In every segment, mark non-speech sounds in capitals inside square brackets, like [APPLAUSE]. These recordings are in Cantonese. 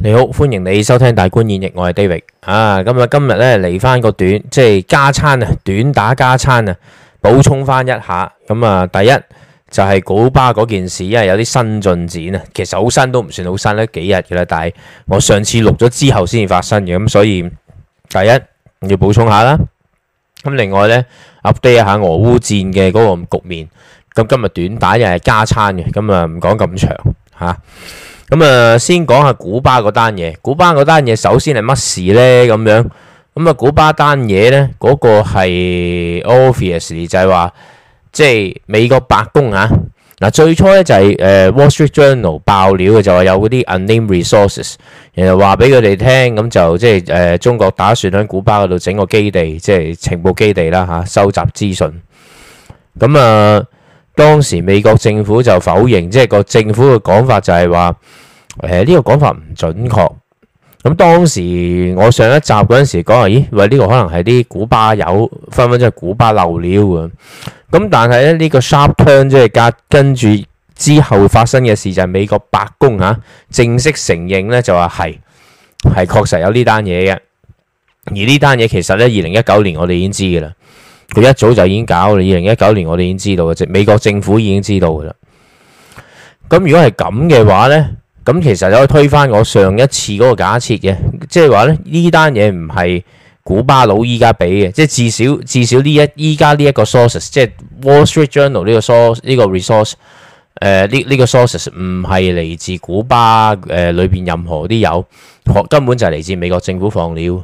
你好，歡迎你收聽大觀演繹，我係 David 啊，咁啊今日咧嚟翻個短，即係加餐啊，短打加餐啊，補充翻一下，咁啊第一就係、是、古巴嗰件事，因為有啲新進展啊，其實好新都唔算好新，都幾日嘅啦，但係我上次錄咗之後先至發生嘅，咁、啊、所以第一要補充下啦，咁、啊、另外咧 update 一下俄烏戰嘅嗰個局面，咁、啊、今日短打又係加餐嘅，咁啊唔講咁長吓。啊咁啊，先講下古巴嗰單嘢。古巴嗰單嘢首先係乜事呢？咁樣咁啊，古巴單嘢呢，嗰個係 obviously，就係話即係美國白宮啊嗱，最初呢就係誒《Wall Street Journal》爆料嘅，就話有嗰啲 Unnamed Resources，然後話俾佢哋聽，咁就即係誒中國打算喺古巴嗰度整個基地，即係情報基地啦嚇，收集資訊。咁啊～當時美國政府就否認，即係個政府嘅講法就係話，誒、這、呢個講法唔準確。咁當時我上一集嗰陣時講話，咦，喂，呢、這個可能係啲古巴友分分即係古巴漏料㗎。咁但係咧，呢、這個 sharp turn 即係隔跟住之後發生嘅事就係美國白宮嚇、啊、正式承認咧，就話係係確實有呢單嘢嘅。而呢單嘢其實咧，二零一九年我哋已經知㗎啦。佢一早就已經搞啦，二零一九年我哋已經知道嘅，即美國政府已經知道嘅啦。咁如果係咁嘅話呢，咁其實你可以推翻我上一次嗰個假設嘅、就是，即係話呢呢單嘢唔係古巴佬依家俾嘅，即係至少至少呢一依家呢一個 source，即係、就是、Wall Street Journal 呢個 source 呢、這個 resource，誒呢呢個 source 唔係嚟自古巴誒裏邊任何啲友，根本就係嚟自美國政府放料。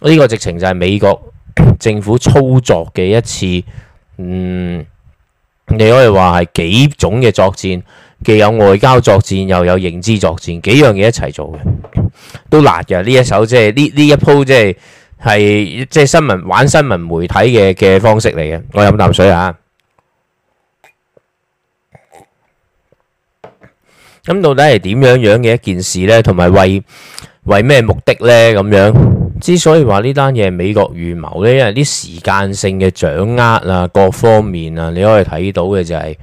呢、這個直情就係美國。政府操作嘅一次，嗯，你可以話係幾種嘅作戰，既有外交作戰，又有認知作戰，幾樣嘢一齊做嘅，都辣嘅呢一手即係呢呢一鋪即係係即係新聞，玩新聞媒體嘅嘅方式嚟嘅。我飲啖水啊，咁到底係點樣樣嘅一件事呢？同埋為為咩目的呢？咁樣？之所以話呢單嘢，美國預謀呢，因為啲時間性嘅掌握啊，各方面啊，你可以睇到嘅就係、是、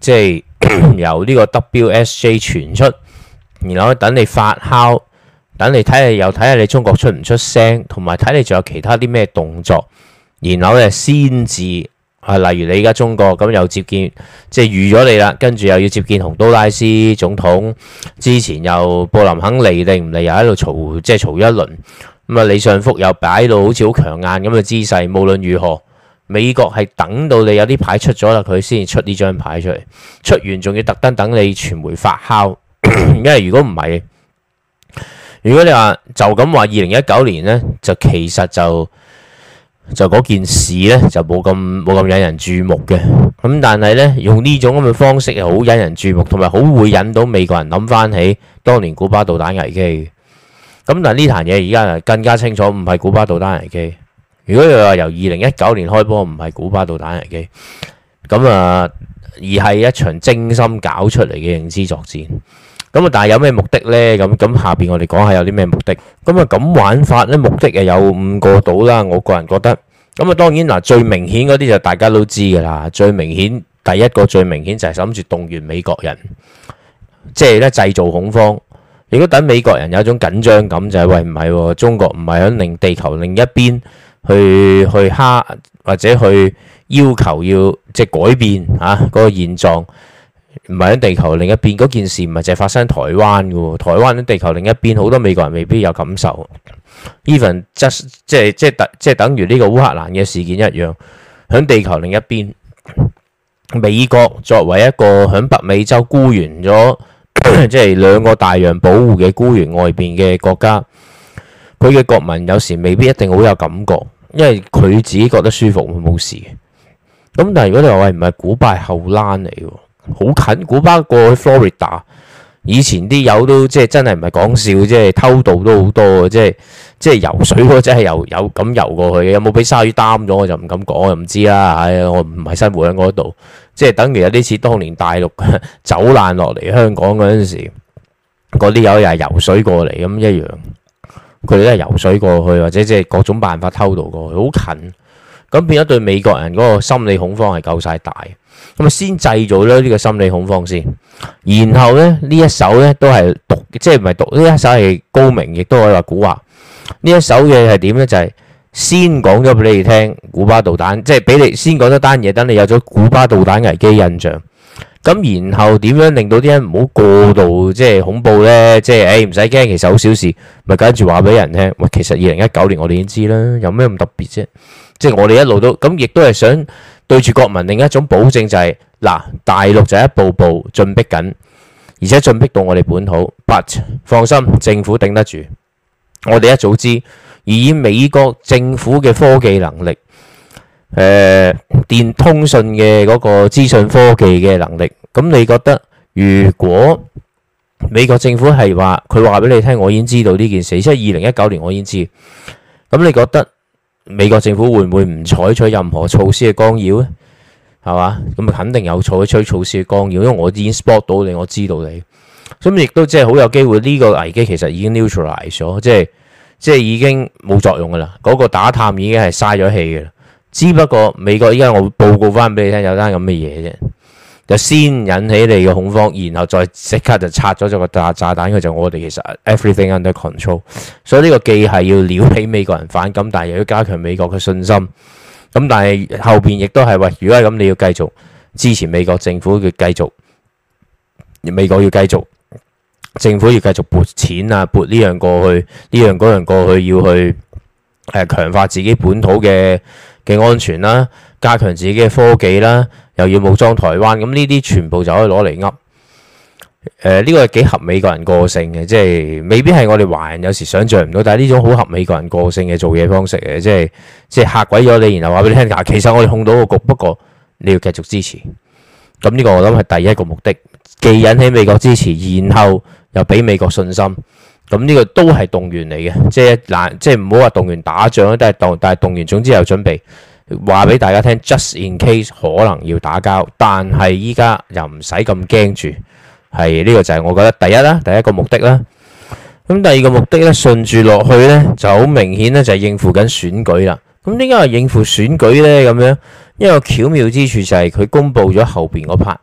即係 [COUGHS] 由呢個 WSJ 傳出，然後等你發酵，等你睇下又睇下你中國出唔出聲，同埋睇你仲有其他啲咩動作，然後咧先至啊，例如你而家中國咁又接見，即係預咗你啦，跟住又要接見洪都拉斯總統，之前又布林肯嚟定唔嚟又喺度嘈，即係嘈一輪。咁啊，李尚福又擺到好似好強硬咁嘅姿勢，無論如何，美國係等到你有啲牌出咗啦，佢先出呢張牌出嚟，出完仲要特登等你傳媒發酵， [COUGHS] 因為如果唔係，如果你話就咁話，二零一九年呢，就其實就就嗰件事呢，就冇咁冇咁引人注目嘅，咁但係呢，用呢種咁嘅方式係好引人注目，同埋好會引到美國人諗翻起當年古巴導彈危機。咁但呢壇嘢而家更加清楚，唔係古巴導彈危機。如果佢話由二零一九年開波，唔係古巴導彈危機，咁啊而係一場精心搞出嚟嘅認知作戰。咁啊，但係有咩目的呢？咁咁下邊我哋講下有啲咩目的。咁啊，咁玩法呢，目的又有五個到啦。我個人覺得，咁啊，當然嗱，最明顯嗰啲就大家都知噶啦。最明顯，第一個最明顯就係諗住動員美國人，即係咧製造恐慌。如果等美國人有一種緊張感，就是，就係喂，唔係喎，中國唔係喺令地球另一邊去去蝦或者去要求要即係改變嚇嗰、啊那個現狀，唔係喺地球另一邊嗰件事唔係淨係發生台灣嘅喎，台灣喺地球另一邊，好多美國人未必有感受。even 即係即係等即係等於呢個烏克蘭嘅事件一樣，喺地球另一邊，美國作為一個喺北美洲孤完咗。 [LAUGHS] 即係兩個大洋保護嘅孤懸外邊嘅國家，佢嘅國民有時未必一定好有感覺，因為佢自己覺得舒服會冇事。咁但係如果你話唔係古巴係後欄嚟，好近古巴過去 Florida，以前啲友都即係真係唔係講笑，即係偷渡都好多嘅，即係即係游水真係游有咁游過去嘅。有冇俾鯊魚擔咗我就唔敢講，我就唔知啦。唉，我唔係生活喺嗰度。即係等於有啲似當年大陸走難落嚟香港嗰陣時，嗰啲友又係游水過嚟咁一樣，佢哋都係游水過去，或者即係各種辦法偷渡過去，好近。咁變咗對美國人嗰個心理恐慌係夠晒大，咁啊先製造咗呢個心理恐慌先。然後咧呢一手咧都係毒，即係唔係毒呢一手係高明，亦都可以話古惑。呢一手嘢係點咧？就係、是。先講咗俾你聽古巴導彈，即係俾你先講咗單嘢，等你有咗古巴導彈危機印象。咁然後點樣令到啲人唔好過度即係恐怖呢？即係誒唔使驚，其實好小事。咪跟住話俾人聽，喂，其實二零一九年我哋已經知啦，有咩咁特別啫？即係我哋一路都咁，亦都係想對住國民另一種保證就係嗱，大陸就一步步進逼緊，而且進逼到我哋本土。But 放心，政府頂得住，我哋一早知。以美國政府嘅科技能力，誒、呃、電通訊嘅嗰個資訊科技嘅能力，咁你覺得如果美國政府係話佢話俾你聽，我已經知道呢件事，即係二零一九年我已經知，咁你覺得美國政府會唔會唔採取任何措施嘅干擾咧？係嘛？咁肯定有採取措施嘅干擾，因為我已經 spot 到你，我知道你，咁亦都即係好有機會呢個危機其實已經 neutralise 咗，即係。即係已經冇作用㗎啦，嗰個打探已經係嘥咗氣嘅啦。只不過美國依家我報告翻俾你聽，有單咁嘅嘢啫。就先引起你嘅恐慌，然後再即刻就拆咗咗個炸炸彈。佢就我哋其實 everything under control。所以呢個既係要撩起美國人反感，但係又要加強美國嘅信心。咁但係後邊亦都係喂，如果係咁，你要繼續支持美國政府，嘅繼續美國要繼續。政府要繼續撥錢啊，撥呢樣過去，呢樣嗰樣過去，要去誒強化自己本土嘅嘅安全啦，加強自己嘅科技啦，又要武裝台灣，咁呢啲全部就可以攞嚟噏。誒呢個係幾合美國人個性嘅，即係未必係我哋華人有時想象唔到，但係呢種好合美國人個性嘅做嘢方式嘅，即係即係吓鬼咗你，然後話俾你聽啊，其實我哋控到個局，不過你要繼續支持。咁呢個我諗係第一個目的，既引起美國支持，然後。又俾美國信心，咁呢個都係動員嚟嘅，即係嗱，即係唔好話動員打仗都係動，但係動員，總之有準備，話俾大家聽 [MUSIC] ，just in case 可能要打交，但係依家又唔使咁驚住，係，呢個就係我覺得第一啦，第一個目的啦。咁第二個目的咧，順住落去咧，就好明顯咧，就係應付緊選舉啦。咁點解話應付選舉咧？咁樣，因為巧妙之處就係佢公佈咗後邊嗰 part。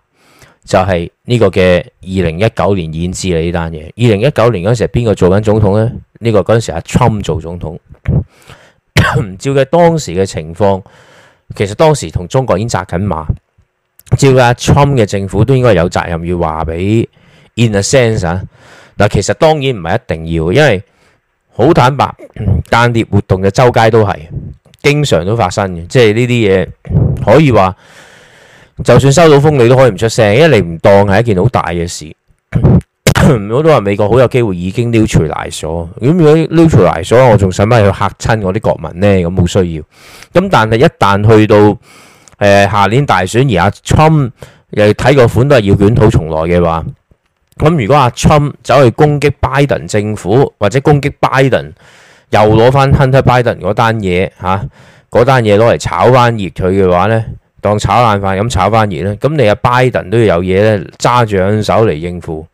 就係呢個嘅二零一九年演資啦，呢單嘢二零一九年嗰陣時，邊個做緊總統呢？呢、呢個嗰陣時阿 Trump 做總統， [LAUGHS] 照計當時嘅情況，其實當時同中國已經紮緊馬。照阿 Trump 嘅政府都應該有責任要話俾 in a sense 啊。嗱，其實當然唔係一定要，因為好坦白， [LAUGHS] 間諜活動嘅周街都係經常都發生嘅，即係呢啲嘢可以話。就算收到風，你都可以唔出聲，因為你唔當係一件好大嘅事。 [COUGHS] 我都話美國好有機會已經 neutralize 咗，咁如果 neutralize 咗，我仲使乜去嚇親我啲國民呢？咁冇需要。咁但係一旦去到誒下、呃、年大選，而阿 Trump 又睇個款都係要捲土重來嘅話，咁如果阿 Trump 走去攻擊拜登政府，或者攻擊拜登，又攞翻 Hunter Biden 嗰單嘢吓，嗰單嘢攞嚟炒翻熱佢嘅話呢。當炒冷飯咁炒翻熱咧，咁你阿拜登都要有嘢咧，揸住兩手嚟應付。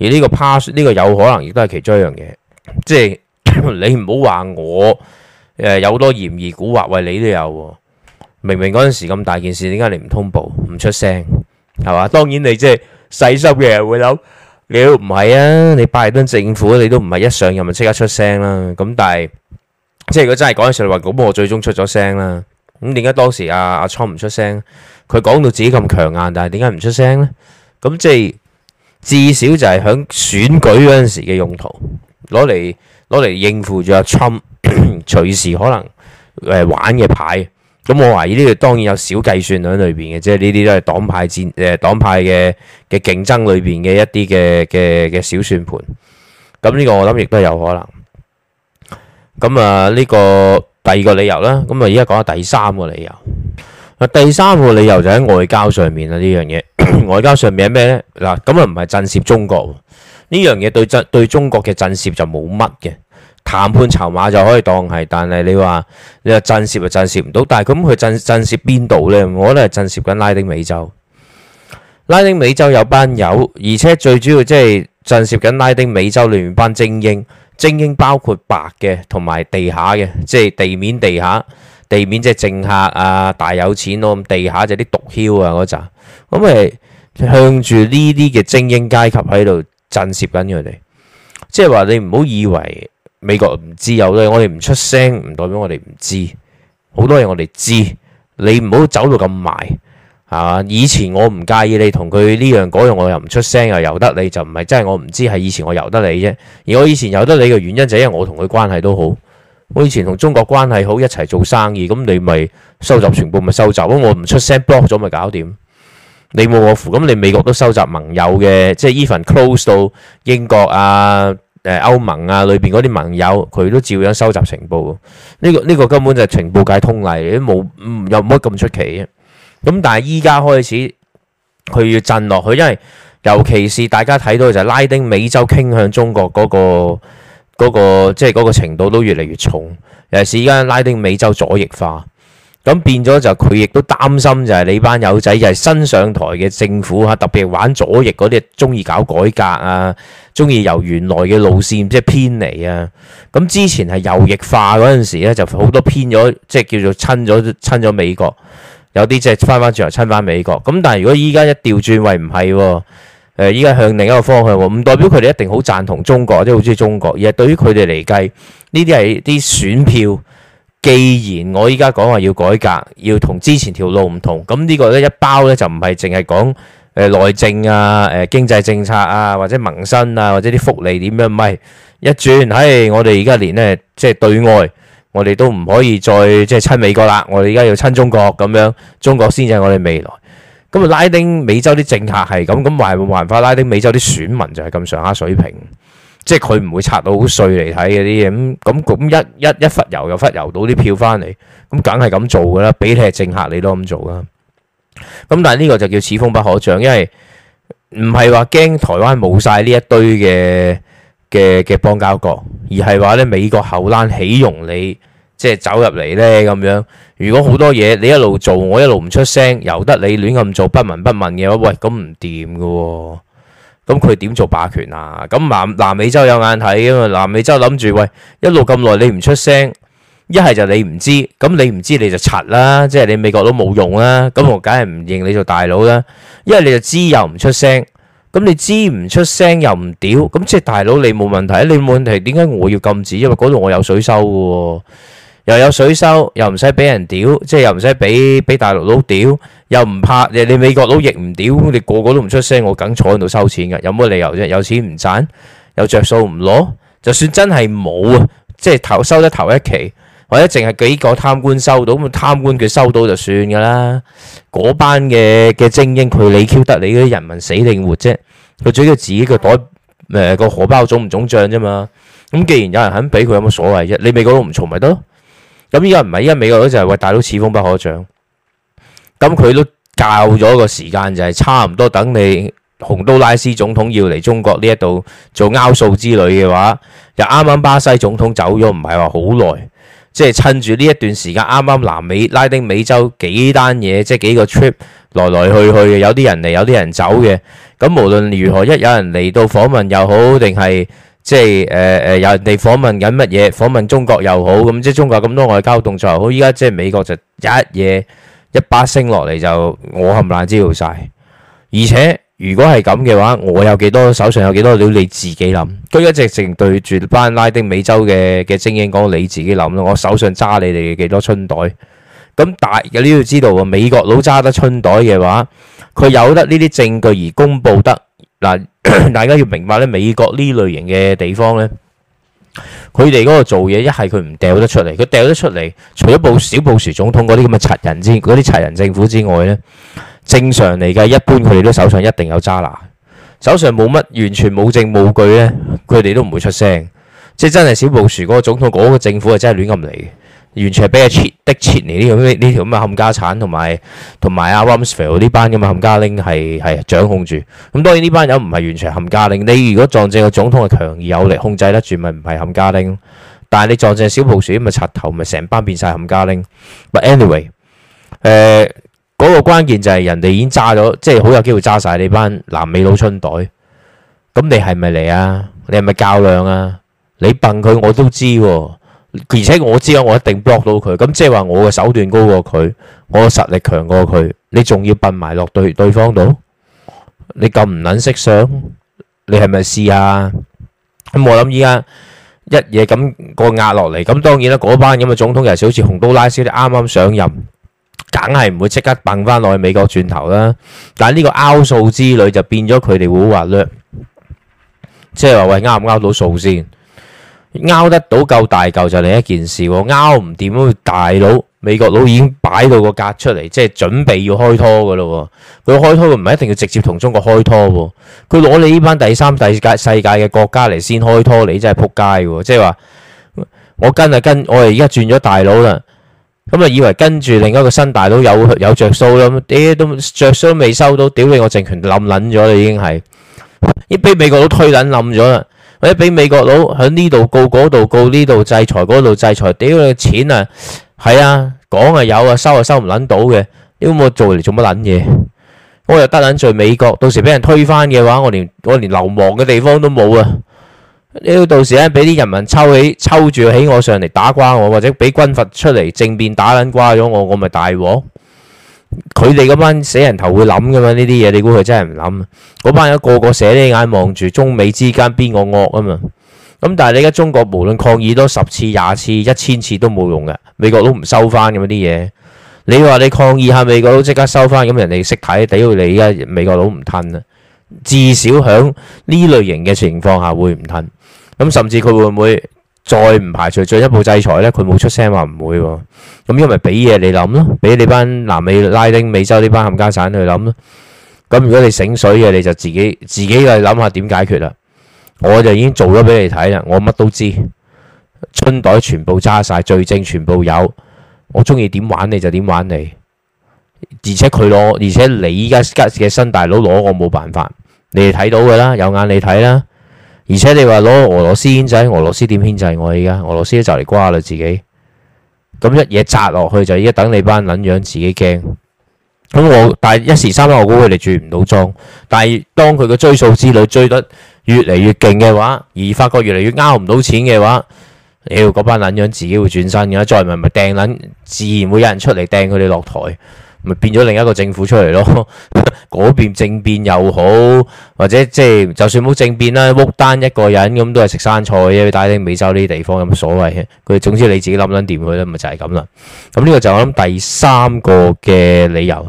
而呢個 pass 呢、這個有可能亦都係其中一樣嘢，即係你唔好話我誒、呃、有好多嫌疑蠱惑，喂，你都有、啊，明明嗰陣時咁大件事，點解你唔通報、唔出聲？係嘛？當然你即係細心嘅人會諗，你唔係啊？你拜登政府你都唔係一上任就即刻出聲啦。咁但係即係如果真係嗰陣時話，咁我最終出咗聲啦。咁點解當時阿阿倉唔出聲？佢講到自己咁強硬，但係點解唔出聲呢？咁即係至少就係喺選舉嗰陣時嘅用途，攞嚟攞嚟應付住阿倉隨時可能誒玩嘅牌。咁我懷疑呢度當然有小計算喺裏邊嘅，即係呢啲都係黨派戰誒黨派嘅嘅競爭裏邊嘅一啲嘅嘅嘅小算盤。咁呢個我諗亦都有可能。咁啊呢個。第二個理由啦，咁啊，而家講下第三個理由。第三個理由就喺外交上面啦，呢樣嘢。外交上面係咩呢？嗱，咁啊唔係震懾中國呢樣嘢，對震對中國嘅震懾就冇乜嘅，談判籌碼就可以當係。但係你話你話震懾，就震懾唔到。但係咁佢震震懾邊度呢？我覺得係震懾緊拉丁美洲。拉丁美洲有班友，而且最主要即係震懾緊拉丁美洲嗰班精英。精英包括白嘅同埋地下嘅，即係地面、地下、地面即係政客啊，大有錢咯，咁地下就啲毒梟啊嗰陣，咁誒向住呢啲嘅精英階級喺度震懾緊佢哋，即係話你唔好以為美國唔知有啲，我哋唔出聲，唔代表我哋唔知，好多嘢我哋知，你唔好走到咁埋。係嘛？以前我唔介意你同佢呢樣嗰樣，我又唔出聲，又由得你，就唔係真係我唔知。係以前我由得你啫，而我以前由得你嘅原因就係因為我同佢關係都好，我以前同中國關係好，一齊做生意，咁你咪收集情報咪收集咯，我唔出聲 block 咗咪搞掂，你冇我符。咁你美國都收集盟友嘅，即係 even close 到英國啊，誒歐盟啊裏邊嗰啲盟友，佢都照樣收集情報。呢個呢個根本就係情報界通例，都冇有乜咁出奇。咁但係依家開始佢要震落去，因為尤其是大家睇到就係拉丁美洲傾向中國嗰、那個、那個即係、就是、個程度都越嚟越重，尤其是依家拉丁美洲左翼化，咁變咗就佢亦都擔心就係你班友仔就係、是、新上台嘅政府吓，特別玩左翼嗰啲，中意搞改革啊，中意由原來嘅路線即係、就是、偏離啊。咁之前係右翼化嗰陣時咧，就好多偏咗，即、就、係、是、叫做親咗親咗美國。有啲即係翻返轉頭來親返美國，咁但係如果依家一調轉位唔係喎，誒依家向另一個方向，唔代表佢哋一定好贊同中國，即係好中意中國。而係對於佢哋嚟計，呢啲係啲選票。既然我依家講話要改革，要同之前條路唔同，咁呢個咧一包咧就唔係淨係講誒內政啊、誒經濟政策啊，或者民生啊，或者啲福利點樣，唔係一轉，嘿，我哋而家連呢，即係對外。我哋都唔可以再即係親美國啦，我哋而家要親中國咁樣，中國先至係我哋未來。咁啊拉丁美洲啲政客係咁，咁咪話冇辦法，拉丁美洲啲選民就係咁上下水平，即係佢唔會拆到好碎嚟睇嗰啲嘢咁，咁咁一一一忽悠又忽悠到啲票翻嚟，咁梗係咁做噶啦，俾你係政客你都咁做噶。咁但係呢個就叫此風不可長，因為唔係話驚台灣冇曬呢一堆嘅。嘅嘅邦交國，而係話咧美國後欄豈容你即係走入嚟咧咁樣。如果好多嘢你一路做，我一路唔出聲，由得你亂咁做不聞不問嘅話，喂咁唔掂㗎喎。咁佢點做霸權啊？咁南南美洲有眼睇啊嘛。南美洲諗住喂，一路咁耐你唔出聲，一係就你唔知，咁你唔知你就柒啦，即係你美國都冇用啦。咁我梗係唔認你做大佬啦。一係你就知又唔出聲。咁你知唔出聲又唔屌，咁即係大佬你冇問題啊，你冇問題，點解我要禁止？因為嗰度我有水收噶，又有水收，又唔使俾人屌，即係又唔使俾俾大陸佬屌，又唔怕你，你美國佬亦唔屌，你個個都唔出聲，我梗坐喺度收錢噶，有乜理由啫？有錢唔賺，有着數唔攞，就算真係冇啊，即係頭收得頭一期。或者淨係幾個貪官收到咁貪官佢收到就算㗎啦。嗰班嘅嘅精英佢理 Q 得你嗰啲人民死定活啫。佢主要自己個袋誒、呃、個荷包腫唔腫漲啫嘛。咁既然有人肯俾佢，有乜所謂啫？你美國都唔嘈咪得咯。咁依家唔係，因為美國就係話大佬似此風不可長。咁佢都教咗個時間，就係、是、差唔多等你洪都拉斯總統要嚟中國呢一度做拗數之類嘅話，又啱啱巴西總統走咗，唔係話好耐。即係趁住呢一段時間，啱啱南美拉丁美洲幾單嘢，即係幾個 trip 來來去去嘅，有啲人嚟，有啲人走嘅。咁無論如何，一有人嚟到訪問又好，定係即係誒誒有人哋訪問緊乜嘢，訪問中國又好，咁即係中國咁多外交動作又好，依家即係美國就一嘢一巴聲落嚟就我冚唪唥知道晒，而且。如果係咁嘅話，我有幾多手上有幾多料，你自己諗。佢一直情對住班拉丁美洲嘅嘅精英講，你自己諗啦。我手上揸你哋嘅幾多春袋？咁，但係呢度知道美國佬揸得春袋嘅話，佢有得呢啲證據而公布得嗱，大家要明白咧。美國呢類型嘅地方咧，佢哋嗰個做嘢一係佢唔掉得出嚟，佢掉得出嚟，除咗布小布殊總統嗰啲咁嘅賊人之啲賊人政府之外咧。正常嚟嘅，一般佢哋都手上一定有揸拿，手上冇乜，完全冇證冇據呢，佢哋都唔會出聲。即係真係小布什嗰個總統嗰個政府係真係亂咁嚟嘅，完全係俾阿切的切尼呢條呢條咁嘅冚家鏟，同埋同埋阿 Rumsfeld 呢班咁嘅冚家鈴係，係掌控住。咁當然呢班人唔係完全冚家鈴，你如果撞正個總統係強而有力控制得住，咪唔係冚家鈴。但係你撞正小布什咁咪插頭咪成班變晒冚家鈴。But anyway，呃嗰個關鍵就係人哋已經揸咗，即係好有機會揸晒你班南美佬春袋。咁你係咪嚟啊？你係咪較量啊？你笨佢我都知喎、啊，而且我知啊，我一定 block 到佢。咁即係話我嘅手段高過佢，我嘅實力強過佢，你仲要笨埋落對對方度？你咁唔撚識相？你係咪試啊？咁我諗依家一嘢咁、嗰個壓落嚟，咁當然啦，嗰班咁嘅總統人士好似洪都拉斯啲啱啱上任。梗係唔會即刻掹翻落去美國轉頭啦，但係呢個拗數之旅就變咗佢哋會話略，即係話喂，拗唔拗到數先，拗得到夠大嚿就另一件事，拗唔掂。大佬美國佬已經擺到個格出嚟，即係準備要開拖噶啦，佢開拖唔係一定要直接同中國開拖，佢攞你呢班第三、第四界世界嘅國家嚟先開拖，你真係扑街，即係話我跟啊跟著，我哋而家轉咗大佬啦。咁啊，以為跟住另一個新大佬有有着數咯，啲都着數未收到，屌你，我政權冧捻咗啦，已經係，已經俾美國佬推捻冧咗啦，或者俾美國佬喺呢度告嗰度告呢度制裁嗰度制裁，屌你個錢啊，係啊，講係有啊，收啊收唔撚到嘅，因我做嚟做乜捻嘢，我又得捻罪美國，到時俾人推翻嘅話，我連我連流亡嘅地方都冇啊。你要到時咧，俾啲人民抽起抽住起我上嚟打瓜我，或者俾軍閥出嚟政變打撚瓜咗我，我咪大鑊。佢哋嗰班死人頭會諗㗎嘛？呢啲嘢你估佢真係唔諗？嗰班人個個斜眼望住中美之間邊個惡啊嘛。咁，但係你而家中國無論抗議多十次、廿次、一千次都冇用嘅，美國都唔收翻咁啲嘢。你話你抗議下，美國佬即刻收翻咁，人哋識睇，主要你而家美國佬唔吞啊。至少響呢類型嘅情況下會唔吞。咁甚至佢會唔會再唔排除進一步制裁呢？佢冇出聲話唔會喎。咁因為俾嘢你諗咯，俾你班南美拉丁美洲呢班冚家剷去諗咯。咁如果你醒水嘅，你就自己自己去諗下點解決啦。我就已經做咗俾你睇啦，我乜都知，春袋全部揸晒，罪證全部有，我中意點玩你就點玩你。而且佢攞，而且你而家嘅新大佬攞我冇辦法，你哋睇到噶啦，有眼你睇啦。而且你話攞俄羅斯煙仔，俄羅斯點牽制我？而家俄羅斯就嚟瓜啦自己咁一嘢砸落去就依家等你班撚樣自己驚咁我，但係一時三刻估佢哋轉唔到莊，但係當佢嘅追數之旅追得越嚟越勁嘅話，而發覺越嚟越拗唔到錢嘅話，屌嗰班撚樣自己會轉身噶啦，再唔係咪掟撚，自然會有人出嚟掟佢哋落台。咪變咗另一個政府出嚟咯，嗰邊政變又好，或者即係就算冇政變啦，烏丹一個人咁都係食生菜嘅，拉丁美洲呢啲地方咁所謂嘅，佢總之你自己諗撚掂佢啦，咪就係咁啦。咁呢個就我諗第三個嘅理由。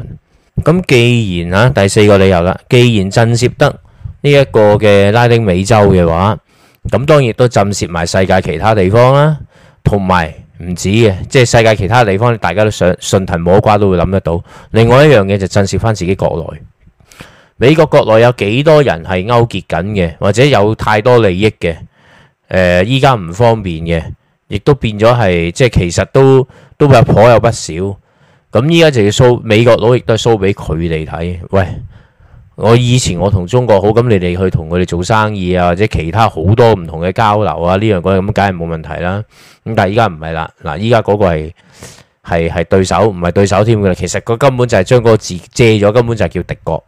咁既然啊第四個理由啦，既然震懾得呢一個嘅拉丁美洲嘅話，咁當然亦都震懾埋世界其他地方啦，同埋。唔止嘅，即係世界其他地方，大家都想順藤摸瓜都會諗得到。另外一樣嘢就震懾返自己國內，美國國內有幾多人係勾結緊嘅，或者有太多利益嘅。誒、呃，依家唔方便嘅，亦都變咗係即係其實都都有頗有不少。咁依家就要蘇美國佬亦都係蘇俾佢哋睇，喂，我以前我同中國好，咁你哋去同佢哋做生意啊，或者其他好多唔同嘅交流啊，呢樣嗰樣咁，梗係冇問題啦。咁但係依家唔係啦，嗱，依家嗰個係係係對手，唔係對手添㗎喇。其實佢根本就係將嗰個字借咗，根本就係叫敵國。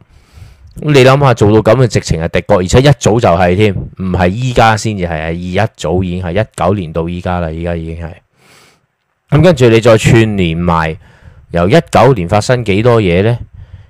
咁你諗下做到咁嘅，直情係敵國，而且一早就係添，唔係依家先至係啊，而一早已經係一九年到依家啦，依家已經係。咁跟住你再串連埋，由一九年發生幾多嘢呢？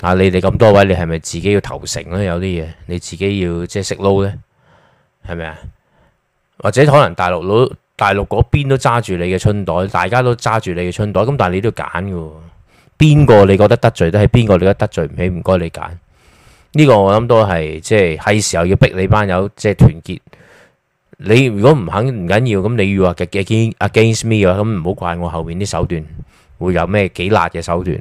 嗱、啊，你哋咁多位，你係咪自己要投誠咧？有啲嘢，你自己要即係識撈呢？係咪啊？或者可能大陸佬、大陸嗰邊都揸住你嘅春袋，大家都揸住你嘅春袋，咁但係你都要揀噶。邊個你覺得得罪得起，邊個你覺得得罪唔起？唔該你揀。呢、這個我諗都係即係係時候要逼你班友即係團結。你如果唔肯唔緊要，咁你要話嘅嘅堅 against me 咁，唔好怪我後面啲手段會有咩幾辣嘅手段。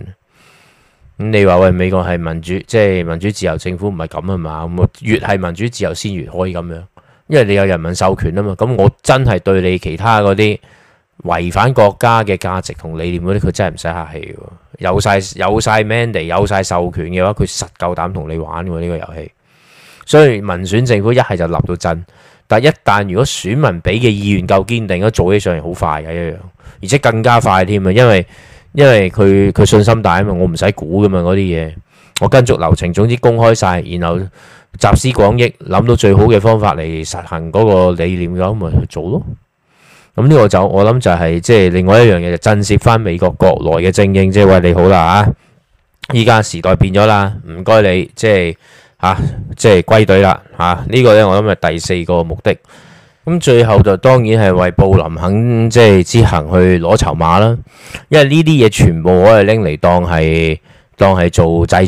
咁、嗯、你話喂，美國係民主，即係民主自由政府唔係咁啊嘛？我越係民主自由先越可以咁樣，因為你有人民授權啊嘛。咁我真係對你其他嗰啲違反國家嘅價值同理念嗰啲，佢真係唔使客氣。有晒有晒 mandate，有晒授權嘅話，佢實夠膽同你玩喎、呢、這個遊戲。所以民選政府一係就立到真，但一旦如果選民俾嘅意願夠堅定，咁做起上嚟好快嘅一樣，而且更加快添啊，因為。因為佢佢信心大啊嘛，我唔使估㗎嘛嗰啲嘢，我跟足流程，總之公開晒，然後集思廣益，諗到最好嘅方法嚟實行嗰個理念咁，咪去做咯。咁呢個就我諗就係、是、即係另外一樣嘢就是、震懾翻美國國內嘅精英，即係喂，你好啦啊，依家時代變咗啦，唔該你即係吓、啊、即係歸隊啦吓，啊這個、呢個咧我諗係第四個目的。咁最後就當然係為布林肯即係之行去攞籌碼啦，因為呢啲嘢全部可以拎嚟當係當係做制裁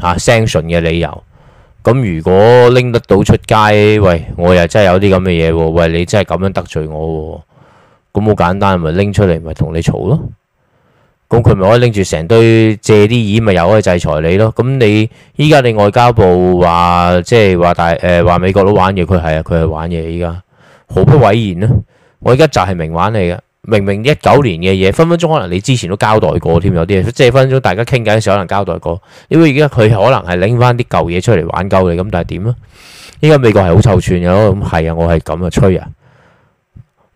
嚇、啊、sanction 嘅理由。咁如果拎得到出街，喂，我又真係有啲咁嘅嘢喎，喂，你真係咁樣得罪我喎，咁好簡單，咪拎出嚟咪同你嘈咯。咁佢咪可以拎住成堆借啲意，咪又可以制裁你咯。咁你依家你外交部話即係話大誒話、呃、美國都玩嘢，佢係啊，佢係玩嘢依家。毫不諱言啦！我依家就係明玩你嘅，明明一九年嘅嘢，分分鐘可能你之前都交代過添，有啲嘢即係分分鐘大家傾偈嘅時候可能交代過，因為而家佢可能係拎翻啲舊嘢出嚟玩鳩你咁，但係點啊？依家美國係好臭串嘅，咁係啊，我係咁啊，吹啊！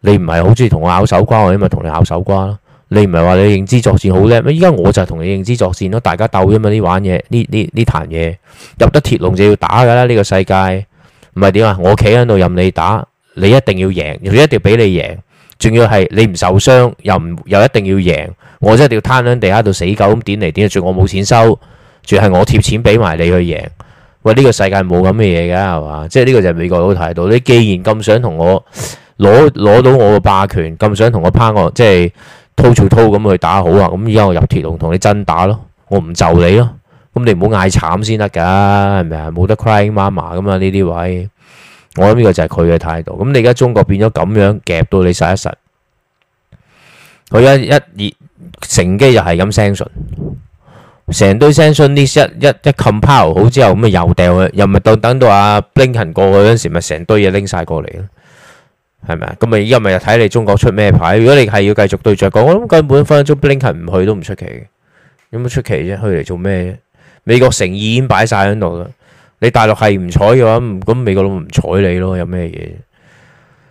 你唔係好中意同我拗手瓜啊嘛，我因為同你拗手瓜啦！你唔係話你認知作戰好叻咩？依家我就係同你認知作戰咯，大家鬥啫嘛！呢玩嘢，呢呢呢壇嘢入得鐵籠就要打㗎啦！呢個世界唔係點啊？我企喺度任你打。你一定要贏，佢一定要俾你贏，仲要係你唔受傷，又唔又一定要贏，我真係要攤喺地下度死狗咁點嚟點去，仲我冇錢收，仲係我貼錢俾埋你去贏。喂，呢個世界冇咁嘅嘢㗎，係嘛？即係呢個就係美國佬態度你，既然咁想同我攞攞到我個霸權，咁想同我拋我，即係拖住拖咁去打好啊！咁而家我入鐵籠同你真打咯，我唔就你咯。咁你唔好嗌慘先得㗎，係咪啊？冇得 cry mama 㗎嘛呢啲位。我諗呢個就係佢嘅態度。咁你而家中國變咗咁樣夾到你實一實，佢一一二乘機就係咁 sentiment，成堆 sentiment 呢一一一 compile 好之後，咁咪又掉佢，又咪到等到阿 Blinken 過嗰陣時，咪成堆嘢拎晒過嚟，係咪啊？咁咪又咪睇你中國出咩牌？如果你係要繼續對著講，我諗根本分分鐘 Blinken 唔去都唔出奇，有冇出奇啫？去嚟做咩？美國誠意已經擺晒喺度啦。你大陸係唔睬嘅話，咁美國佬唔睬你咯，有咩嘢？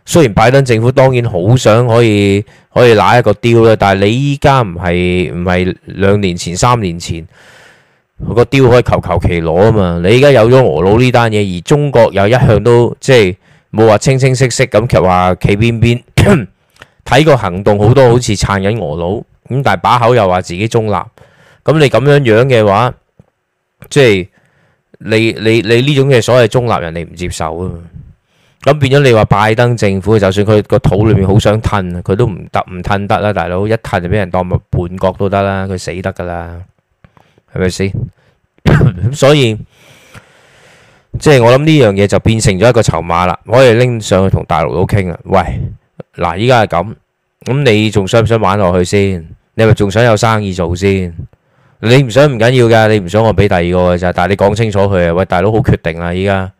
雖然拜登政府當然好想可以可以拿一個雕咧，但係你依家唔係唔係兩年前，三年前，個雕可以求求其攞啊嘛？你依家有咗俄佬呢單嘢，而中國又一向都即係冇話清清晰晰咁，其實話企邊邊睇個行動好多好似撐緊俄佬。咁，但係把口又話自己中立，咁你咁樣樣嘅話，即係。你你你呢種嘢所謂中立人，你唔接受啊！咁變咗你話拜登政府，就算佢個肚裏面好想吞，佢都唔得唔吞得啦，大佬一吞就俾人當個叛國都得啦，佢死得噶啦，係咪先？咁 [LAUGHS] 所以即係我諗呢樣嘢就變成咗一個籌碼啦，可以拎上去同大陸佬傾啊！喂，嗱，依家係咁，咁你仲想唔想玩落去先？你係咪仲想有生意做先？你唔想唔緊要噶，你唔想我俾第二個嘅咋，但係你講清楚佢啊！喂，大佬好決定啦，依家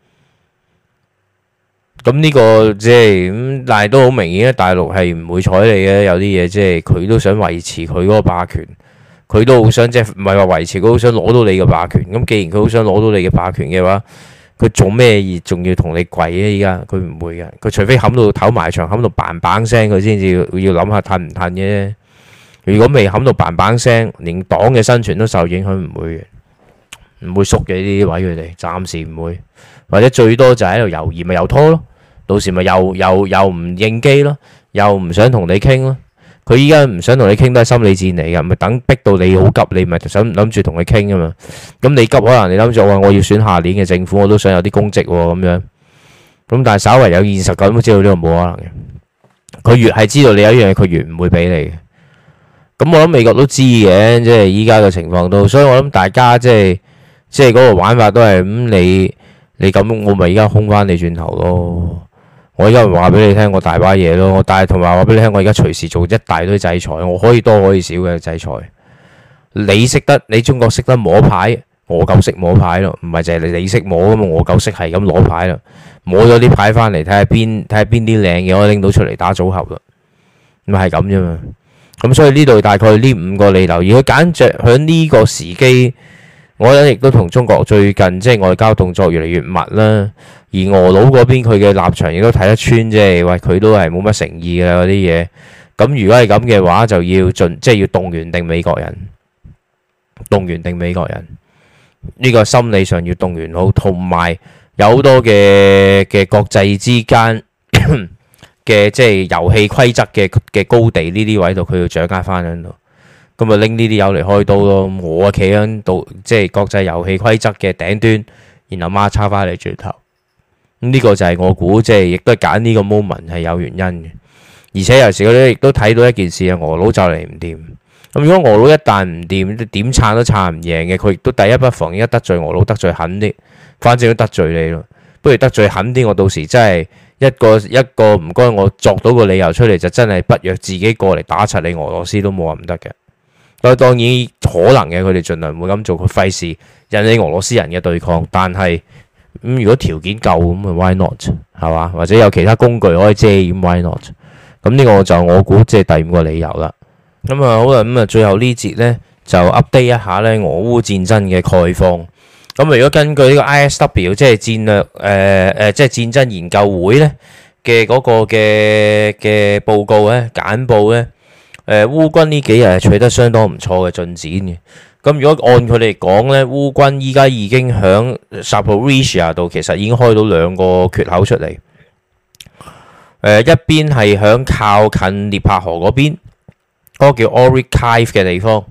咁呢個即係咁，但係都好明顯咧，大陸係唔會睬你嘅。有啲嘢即係佢都想維持佢嗰個霸權，佢都好想即係唔係話維持，佢好想攞到你嘅霸權。咁既然佢好想攞到你嘅霸權嘅話，佢做咩嘢仲要同你跪呀？依家佢唔會嘅，佢除非冚到頭埋牆，冚到嘭嘭聲，佢先至要諗下褪唔褪嘅。如果未冚到嘭嘭聲，連黨嘅生存都受影響，唔會唔會縮嘅呢啲位佢哋，暫時唔會，或者最多就喺度猶豫咪又拖咯，到時咪又又又唔應機咯，又唔想同你傾咯，佢依家唔想同你傾都係心理戰嚟嘅，咪等逼到你好急，你咪想諗住同佢傾啊嘛，咁你急可能你諗住話我要選下年嘅政府，我都想有啲功績喎咁樣，咁但係稍為有現實感都知道呢個冇可能嘅，佢越係知道你有一樣嘢，佢越唔會俾你嘅。咁、嗯、我諗美國都知嘅，即係依家嘅情況都，所以我諗大家即係即係嗰個玩法都係咁、嗯，你你咁我咪而家空返你轉頭咯，我依家話俾你聽我大把嘢咯，我帶同埋話俾你聽我而家隨時做一大堆制裁，我可以多可以少嘅制裁。你識得你中國識得摸牌，我夠識摸牌咯，唔係就係你你識摸噶嘛，我夠識係咁攞牌咯，摸咗啲牌翻嚟睇下邊睇下邊啲靚嘢，我拎到出嚟打組合啦，咪係咁啫嘛。咁、嗯、所以呢度大概呢五個理由，而佢揀著喺呢個時機，我覺得亦都同中國最近即係外交動作越嚟越密啦。而俄佬嗰邊佢嘅立場亦都睇得穿，即係話佢都係冇乜誠意嘅嗰啲嘢。咁如果係咁嘅話，就要盡即係要動員定美國人，動員定美國人呢、這個心理上要動員好，同埋有好多嘅嘅國際之間。 [COUGHS] 嘅即係遊戲規則嘅嘅高地呢啲位度，佢要掌握翻喺度，咁啊拎呢啲友嚟開刀咯。我啊企喺度，即係國際遊戲規則嘅頂端，然後孖叉翻你轉頭。呢、這個就係我估，即係亦都係揀呢個 moment 係有原因嘅。而且有時佢哋亦都睇到一件事啊，俄佬就嚟唔掂。咁如果俄佬一旦唔掂，點撐都撐唔贏嘅，佢亦都第一不妨而家得罪俄佬得罪狠啲，反正都得罪你咯。不如得罪狠啲，我到時真係。一個一個唔該，我作到個理由出嚟就真係不若自己過嚟打柒你俄羅斯都冇話唔得嘅。所以當然可能嘅，佢哋盡量唔會咁做，佢費事引起俄羅斯人嘅對抗。但係咁、嗯、如果條件夠咁，why not 係嘛？或者有其他工具可以遮掩，why not？咁呢個就我估即係第五個理由啦。咁啊好啦，咁啊最後呢節呢，就 update 一下呢俄烏戰爭嘅概況。咁如果根據呢個 ISW，即係戰略，誒、呃、誒，即係戰爭研究會咧嘅嗰個嘅嘅報告咧簡報咧，誒、呃、烏軍呢幾日係取得相當唔錯嘅進展嘅。咁如果按佢哋講咧，烏軍依家已經喺塞浦路西亞度，其實已經開到兩個缺口出嚟。誒、呃、一邊係喺靠近涅珀河嗰邊嗰、嗰個叫 Orikhiv 嘅地方。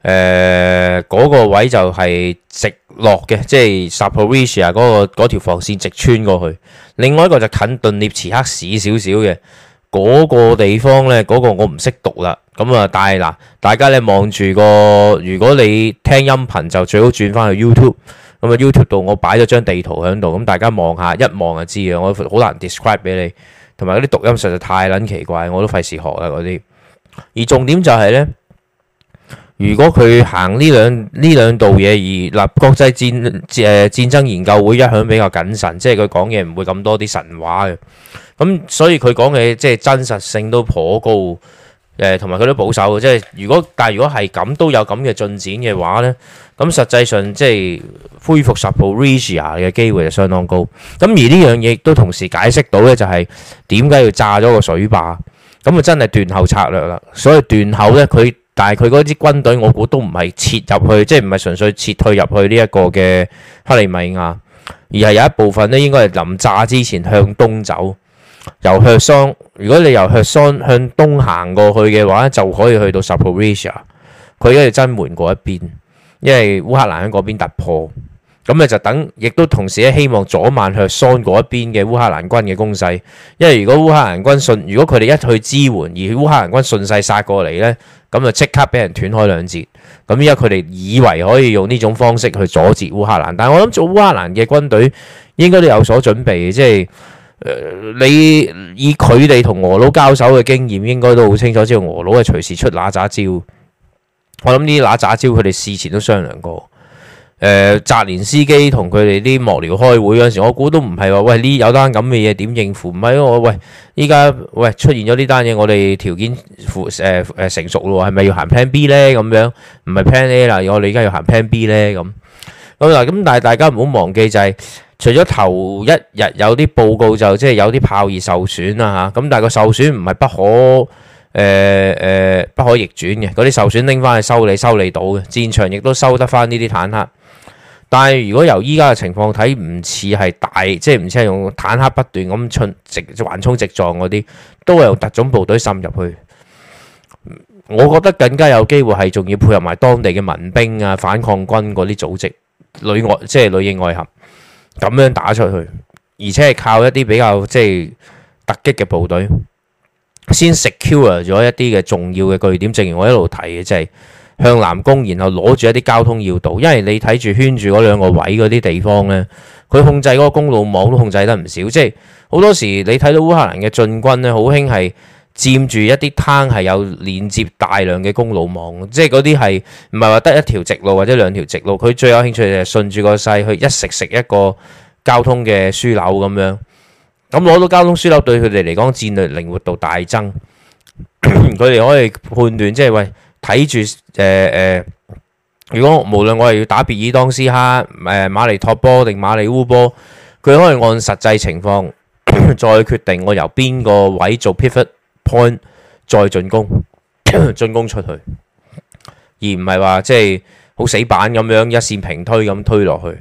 誒，嗰、呃，嗰個位就係直落嘅，即係 Zaporizhzhia 嗰、嗰個嗰條防線直穿過去。另外一個就近頓涅茨克市少少嘅嗰個地方呢，嗰、嗰個我唔識讀啦。咁啊，但係嗱，大家咧望住個，如果你聽音頻就最好轉翻去 YouTube。咁啊，YouTube 度我擺咗張地圖喺度，咁大家望下一望就知嘅。我好難 describe 俾你，同埋嗰啲讀音實在太捻奇怪，我都費事學啦嗰啲。而重點就係呢。如果佢行呢兩呢兩道嘢而立、呃、國際戰誒、呃、戰爭研究會一向比較謹慎，即係佢講嘢唔會咁多啲神話嘅，咁所以佢講嘅即係真實性都頗高，誒同埋佢都保守即係、即係、如果但係如果係咁都有咁嘅進展嘅話呢，咁實際上即係恢復 Zaporizhzhia 嘅機會就相當高。咁而呢樣嘢都同時解釋到呢，就係點解要炸咗個水壩，咁啊真係斷後策略啦。所以斷後呢，佢。但係佢嗰支軍隊，我估都唔係撤入去，即係唔係純粹撤退入去呢一個嘅克里米亞，而係有一部分咧應該係臨炸之前向東走，由赫桑。如果你由赫桑向東行過去嘅話，就可以去到 Zaporizhzhia。佢因為真門嗰一邊，因為烏克蘭喺嗰邊突破。咁咧就等，亦都同時咧希望阻慢去桑國一邊嘅烏克蘭軍嘅攻勢，因為如果烏克蘭軍順，如果佢哋一去支援，而烏克蘭軍順勢殺過嚟咧，咁就即刻俾人斷開兩截。咁而家佢哋以為可以用呢種方式去阻截烏克蘭，但係我諗做烏克蘭嘅軍隊應該都有所準備，即係、呃、你以佢哋同俄佬交手嘅經驗應該都好清楚，即係俄佬係隨時出哪詐招。我諗呢啲哪詐招，佢哋事前都商量過。誒澤連司機同佢哋啲幕僚開會嗰陣時，我估都唔係話喂呢有單咁嘅嘢，點應付？唔係我喂依家喂出現咗呢單嘢，我哋條件誒、呃、成熟咯，係咪要行 plan B 咧？咁樣唔係 plan A 啦，我哋而家要行 plan B 咧咁，咁嗱。咁但係大家唔好忘記就係、是、除咗頭一日有啲報告就即係、就是、有啲炮而受損啦嚇，咁、啊、但係個受損唔係不可誒誒、呃呃、不可逆轉嘅，嗰啲受損拎翻去修理修理到嘅戰場亦都收得翻呢啲坦克。但係，如果由依家嘅情況睇，唔似係大，即係唔似係用坦克不斷咁衝直橫衝直，直撞嗰啲，都係用特種部隊滲入去。我覺得更加有機會係仲要配合埋當地嘅民兵啊、反抗軍嗰啲組織，內外即係內應外合，咁樣打出去，而且係靠一啲比較即係突擊嘅部隊，先 secure 咗一啲嘅重要嘅據點。正如我一路睇嘅，即係。向南攻，然後攞住一啲交通要道，因為你睇住圈住嗰兩個位嗰啲地方呢，佢控制嗰個公路網都控制得唔少。即係好多時你睇到烏克蘭嘅進軍呢，好興係佔住一啲灘，係有連接大量嘅公路網，即係嗰啲係唔係話得一條直路或者兩條直路？佢最有興趣就係順住個勢去一食食一個交通嘅樞紐咁樣。咁攞到交通樞紐對佢哋嚟講戰略靈活度大增，佢哋可以判斷即係喂。睇住誒誒，如果無論我係要打別爾當斯哈誒、呃、馬尼托波定馬里烏波，佢可以按實際情況 [COUGHS] 再決定我由邊個位做 pivot point 再進攻，進 [COUGHS] 攻出去，而唔係話即係好死板咁樣一線平推咁推落去，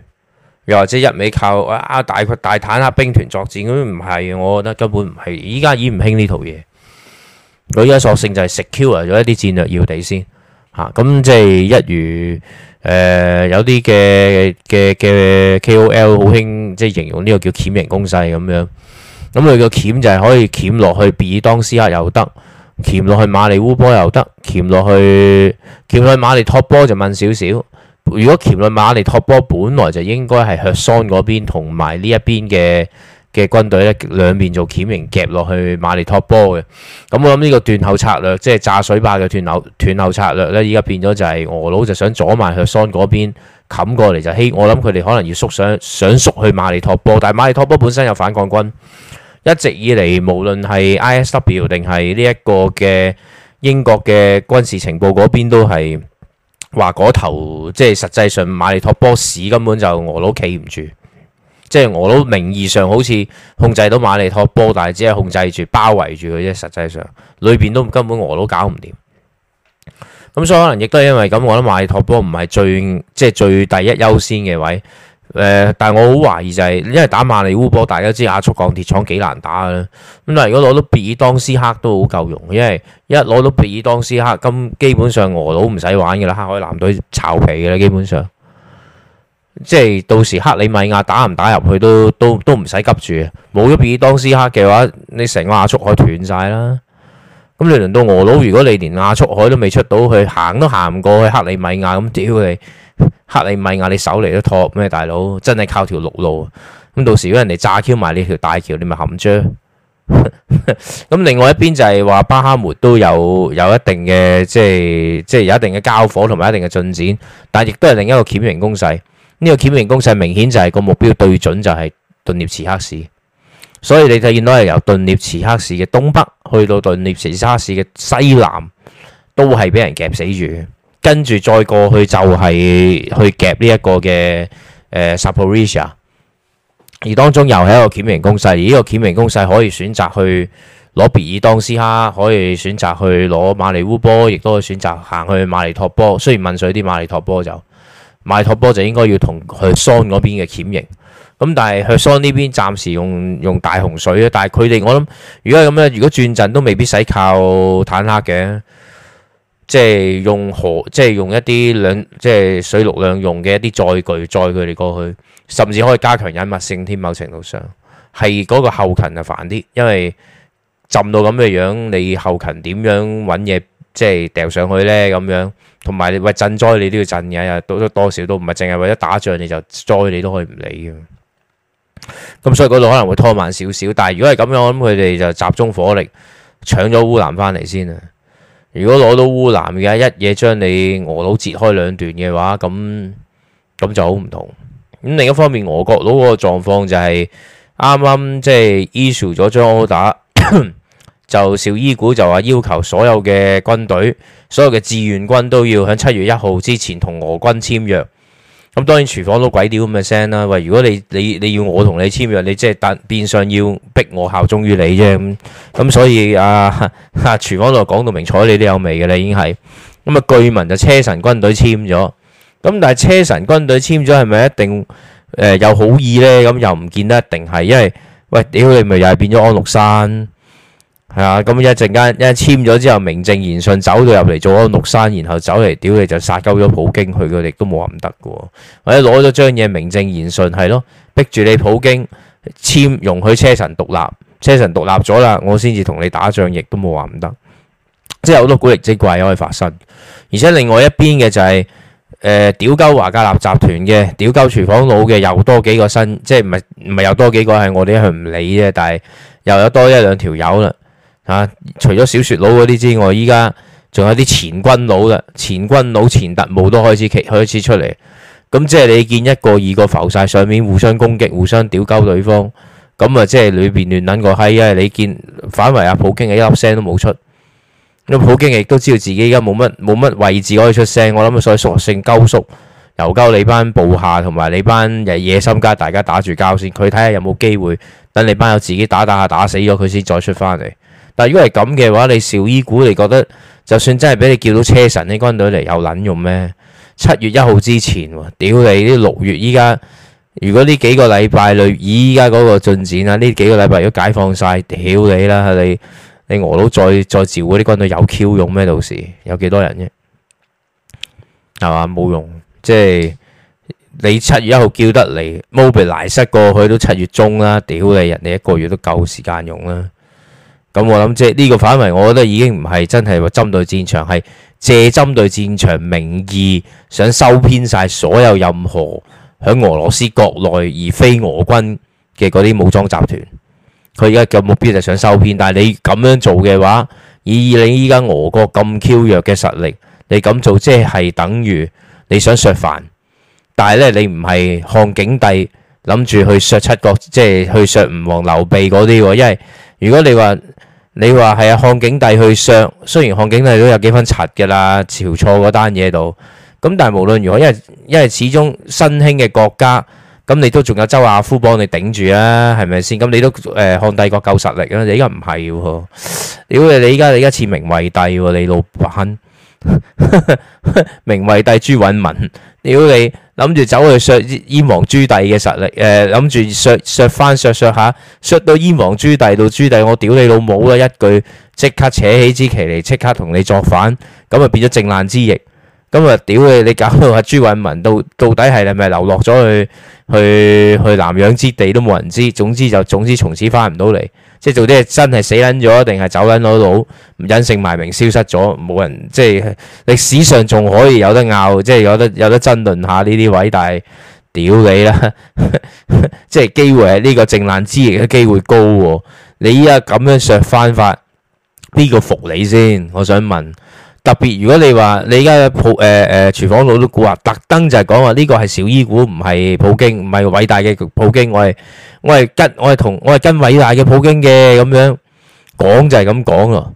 又或者一味靠啊大大坦克兵團作戰，咁唔係，我覺得根本唔係，依家已經唔興呢套嘢。佢依家索性就係 secure 咗一啲戰略要地先吓，咁即係一如誒、呃、有啲嘅嘅嘅 KOL 好興，即係、就是、形容呢個叫鉗形攻勢咁樣。咁佢個鉗就係可以鉗落去比爾當斯克又得，鉗落去馬利烏波又得，鉗落去鉗落去馬里托波就問少少。如果鉗落去馬里托波本來就應該係赫桑嗰邊同埋呢一邊嘅。嘅軍隊咧兩邊做鉗形夾落去馬里托波嘅，咁我諗呢個斷後策略，即係炸水壩嘅斷後斷後策略呢，依家變咗就係俄佬就想阻埋去桑嗰邊冚過嚟就欺，我諗佢哋可能要縮上想縮去馬里托波，但係馬里托波本身有反抗軍，一直以嚟無論係 ISW 定係呢一個嘅英國嘅軍事情報嗰邊都係話嗰頭，即係實際上馬里托波市根本就俄佬企唔住。即係俄佬名義上好似控制到馬利托波，但係只係控制住包圍住佢啫。實際上裏邊都根本俄佬搞唔掂。咁所以可能亦都係因為咁，我覺得馬利托波唔係最即係最第一優先嘅位。誒、呃，但係我好懷疑就係、是、因為打馬利烏波，大家知亞速鋼鐵廠幾難打嘅。咁但如果攞到別爾當斯克都好夠用，因為一攞到別爾當斯克咁，基本上俄佬唔使玩嘅啦，黑海藍隊炒皮嘅啦，基本上。即係到時克里米亞打唔打入去都都都唔使急住，冇咗比爾當斯克嘅話，你成個亞速海斷晒啦。咁你輪到俄佬，如果你連亞速海都未出到去，行都行唔過去克里米亞咁，屌你克里米亞你手嚟都托咩大佬？真係靠條陸路。咁到時如果人哋炸 Q 埋你條大橋，你咪冚著。咁 [LAUGHS] 另外一邊就係話巴哈末都有有一定嘅即係即係有一定嘅交火同埋一定嘅進展，但亦都係另一個鉗形攻勢。呢個鉗形攻勢明顯就係個目標對準就係頓涅茨克市，所以你睇見到係由頓涅茨克市嘅東北去到頓涅茨克市嘅西南，都係俾人夾死住。跟住再過去就係去夾呢一個嘅誒 Zaporizhzhia 而當中又係一個鉗形攻勢。而呢個鉗形攻勢可以選擇去攞別爾當斯哈，可以選擇去攞馬尼烏波，亦都可以選擇行去馬尼托波，雖然問水啲馬尼托波就。買托波就應該要同去桑嗰邊嘅鉗形，咁但係去桑呢邊暫時用用大洪水啊！但係佢哋我諗如果係咁樣，如果轉陣都未必使靠坦克嘅，即係用河，即係用一啲兩，即係水陸兩用嘅一啲載具載佢哋過去，甚至可以加強隱密性添。某程度上係嗰個後勤就煩啲，因為浸到咁嘅樣，樣，你後勤點樣揾嘢？即係掉上去呢，咁樣，同埋你喂賑災你都要震嘅，到咗多，多，多少都唔係淨係為咗打仗你就災你都可以唔理嘅。咁所以嗰度可能會拖慢少少，但係如果係咁樣我諗，佢哋就集中火力搶咗烏蘭翻嚟先啊。如果攞到烏蘭而家一嘢將你俄佬截開兩段嘅話，咁咁就好唔同。咁另一方面，俄國佬個狀況就係啱啱即係 issue 咗張 order。剛剛 [COUGHS] 就紹伊古就話要求所有嘅軍隊、所有嘅志願軍都要喺七月一號之前同俄軍簽約。咁當然廚房都鬼屌咁嘅聲啦！喂，如果你你你要我同你簽約，你即係但變相要逼我效忠於你啫。咁咁所以啊，啊，廚房佬講到明，睬你都有味嘅啦，已經係。咁啊，據聞就車臣軍隊簽咗。咁但係車臣軍隊簽咗係咪一定誒、呃、有好意呢？咁又唔見得一定係，因為喂，屌你咪又係變咗安祿山。係啊，咁、嗯、一陣間一簽咗之後名正言順走到入嚟做咗綠山，然後走嚟屌你就殺鳩咗普京，佢佢哋都冇話唔得嘅，或者攞咗張嘢名正言順係咯，逼住你普京簽容許車臣獨立，車臣獨立咗啦，我先至同你打仗，亦都冇話唔得，即係好多古力精怪可以發生，而且另外一邊嘅就係誒屌鳩華格納集團嘅屌鳩廚房佬嘅又多幾個新，即係唔係唔係又多幾個係我哋一向唔理啫，但係又有多一兩條友啦。啊！除咗小說佬嗰啲之外，依家仲有啲前軍佬啦，前軍佬、前特務都開始開始出嚟。咁即係你見一個二個浮晒上面，互相攻擊，互相屌鳩對方。咁啊，即係裏邊亂捻個閪啊！你見反為阿普京嘅一粒聲都冇出。咁普京亦都知道自己依家冇乜冇乜位置可以出聲。我諗啊，所以索性鳩縮由鳩你班部下同埋你班野心家大家打住交先，佢睇下有冇機會等你班友自己打打下打，打死咗佢先，再出翻嚟。但如果係咁嘅話，你邵醫估你覺得就算真係俾你叫到車神呢？軍隊嚟有撚用咩？七月一號之前，屌你啲六月依家，如果呢幾個禮拜裏，依家嗰個進展啊，呢幾個禮拜如果解放晒，屌你啦，你你俄佬再再召嗰啲軍隊有 Q 用咩？到時有幾多人啫？係嘛，冇用，即係你七月一號叫得嚟 mobilise 過去都七月中啦，屌你，人哋一個月都夠時間用啦。咁我諗即係呢個範圍，我覺得已經唔係真係話針對戰場，係借針對戰場名義想收編晒所有任何喺俄羅斯國內而非俄軍嘅嗰啲武裝集團。佢而家嘅目標就係想收編，但係你咁樣做嘅話，以你依家俄國咁嬌弱嘅實力，你咁做即係等於你想削藩，但係咧你唔係漢景帝諗住去削七國，即係去削吳王劉備嗰啲，因為如果你話。你話係啊，漢景帝去削，雖然漢景帝都有幾分柒嘅啦，晁錯嗰單嘢度。咁但係無論如何，因為因為始終新興嘅國家，咁你都仲有周亞夫幫你頂住啊，係咪先？咁你都誒、呃、漢帝國夠實力啊，你而家唔係喎，屌你而家，你而家似明惠帝喎，你老闆。 [LAUGHS] 明惠帝朱允文，屌你諗住走去削燕王朱棣嘅實力，誒諗住削削翻削削下，削到燕王朱棣到朱棣，我屌你老母啦！一句即刻扯起支旗嚟，即刻同你作反，咁啊變咗靖難之役，咁啊屌你，你搞到阿朱允文到到底係係咪流落咗去去去，去南洋之地都冇人知，總之就總之從此翻唔到嚟。即係做啲真係死撚咗，定係走撚到，唔隱姓埋名消失咗，冇人即係歷史上仲可以有得拗，即係有得有得爭論下呢啲位，但係屌你啦！ [LAUGHS] 即係機會係呢、呢個靖難之役嘅機會高喎，你依家咁樣削翻法，邊個服你先，我想問。特別如果你話你而家嘅普誒誒廚房佬都估啊，特登就係講話呢個係小伊股，唔係普京，唔係偉大嘅普京，我係我係跟，我係同我係跟偉大嘅普京嘅咁樣講就係咁講咯。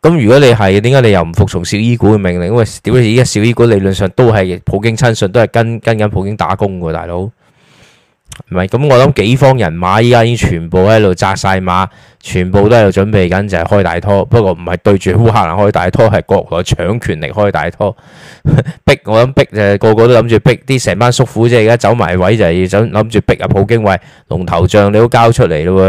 咁如果你係，點解你又唔服從小伊股嘅命令？因為屌你而家小伊股理論上都係普京親信，都係跟跟緊普京打工嘅大佬。唔係咁，我諗幾方人馬依家已經全部喺度紮晒馬，全部都喺度準備緊就係、是、開大拖。不過唔係對住烏克蘭開大拖，係國內搶權力開大拖。逼 [LAUGHS] 我諗逼就係、個個都諗住逼啲成班叔父，即係而家走埋位，位，就要想諗住逼阿普京喂龍頭像你都交出嚟咯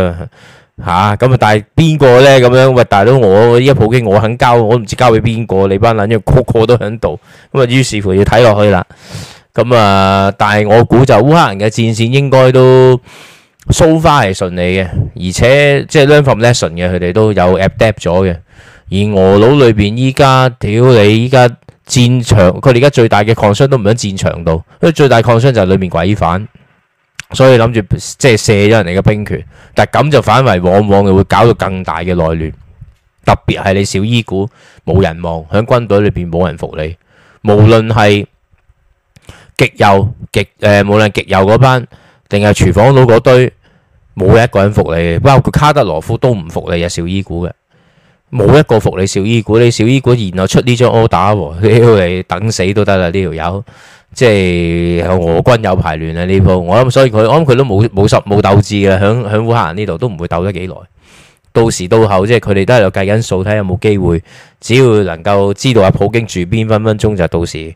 喎，吓，咁啊！但係邊個咧咁樣喂大佬？我依家普京我肯交，我唔知交俾邊個？你班撚樣個個都喺度咁啊！於是乎要睇落去啦。咁啊！但係我估就烏克蘭嘅戰線應該都 so far 係順利嘅，而且即係 learn from lesson 嘅，佢哋都有 adapt 咗嘅。而俄佬裏邊依家屌你，依家戰場佢哋依家最大嘅抗傷都唔喺戰場度，因為最大抗傷就係裏邊鬼反，所以諗住即係射咗人哋嘅兵權，但係咁就反為往往又會搞到更大嘅內亂，特別係你少依股冇人望，喺軍隊裏邊冇人服你，無論係。極右極誒、呃，無論極右嗰班定係廚房佬嗰堆，冇一個人服你，包括卡德羅夫都唔服，服你，紹伊古嘅，冇一個服你紹伊古。你紹伊古然後出呢張 order，你等死都得啦，呢條友即係俄軍有排亂啦呢鋪，我諗所以佢，我諗佢都冇冇十冇鬥志嘅，響響烏克蘭呢度都唔會鬥得幾耐，到時到後即係佢哋都係度計緊數，睇下有冇機會，只要能夠知道阿普京住邊，分分鐘就到時。